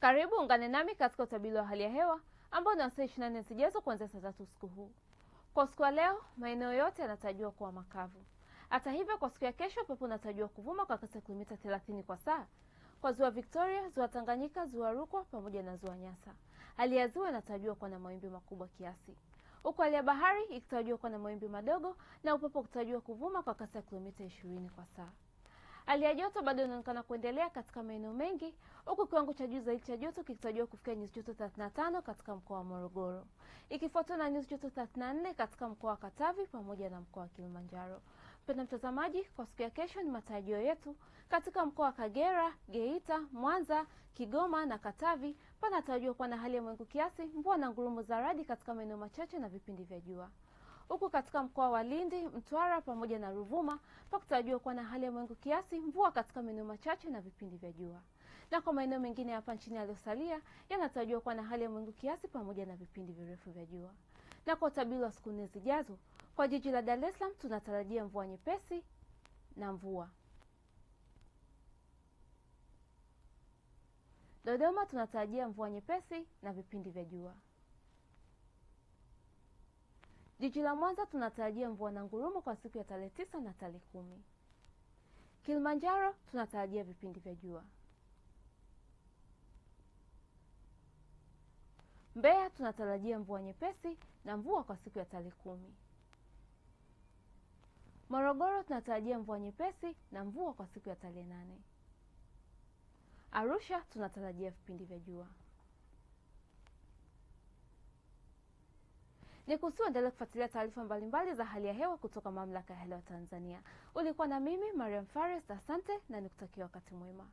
Karibu ungane nami katika utabili wa hali ya hewa ambao ni wa saa 24 zijazo kuanzia saa tatu usiku huu. Kwa usiku wa leo, maeneo yote yanatarajiwa kuwa makavu. Hata hivyo, kwa siku ya kesho, pepo unatarajiwa kuvuma kwa kasi ya kilomita 30 kwa saa kwa ziwa Victoria, ziwa Tanganyika, ziwa Rukwa pamoja na ziwa Nyasa. Hali ya ziwa inatarajiwa kuwa na mawimbi makubwa kiasi, huku hali ya bahari ikitarajiwa kuwa na mawimbi madogo na upepo ukitarajiwa kuvuma kwa kasi ya kilomita 20 kwa saa. Hali ya joto bado inaonekana kuendelea katika maeneo mengi huku kiwango cha juu zaidi cha joto kikitarajiwa kufikia nyuzi joto 35 katika mkoa wa Morogoro, ikifuatwa na nyuzi joto 34 katika mkoa wa Katavi pamoja na mkoa wa Kilimanjaro. Mpendwa mtazamaji, kwa siku ya kesho ni matarajio yetu katika mkoa wa Kagera, Geita, Mwanza, Kigoma na Katavi panatarajiwa kuwa na hali ya mawingu kiasi, mvua na ngurumo za radi katika maeneo machache na vipindi vya jua huku katika mkoa wa Lindi, Mtwara pamoja na Ruvuma pakutarajiwa kuwa na hali ya mawingu kiasi, mvua katika maeneo machache na vipindi vya jua. Na kwa maeneo mengine hapa nchini yaliyosalia yanatarajiwa kuwa na hali ya mawingu kiasi pamoja na vipindi virefu vya jua. Na kwa utabiri wa siku nne zijazo, kwa jiji la Dar es Salaam tunatarajia mvua nyepesi na mvua. Dodoma tunatarajia mvua nyepesi na vipindi vya jua. Jiji la Mwanza tunatarajia mvua na ngurumo kwa siku ya tarehe tisa na tarehe kumi. Kilimanjaro tunatarajia vipindi vya jua. Mbeya tunatarajia mvua nyepesi na mvua kwa siku ya tarehe kumi. Morogoro tunatarajia mvua nyepesi na mvua kwa siku ya tarehe nane. Arusha tunatarajia vipindi vya jua. Ni kusiuendelea kufuatilia taarifa mbalimbali za hali ya hewa kutoka Mamlaka ya Hewa Tanzania. Ulikuwa na mimi Mariam Fares, asante na nikutakia wakati mwema.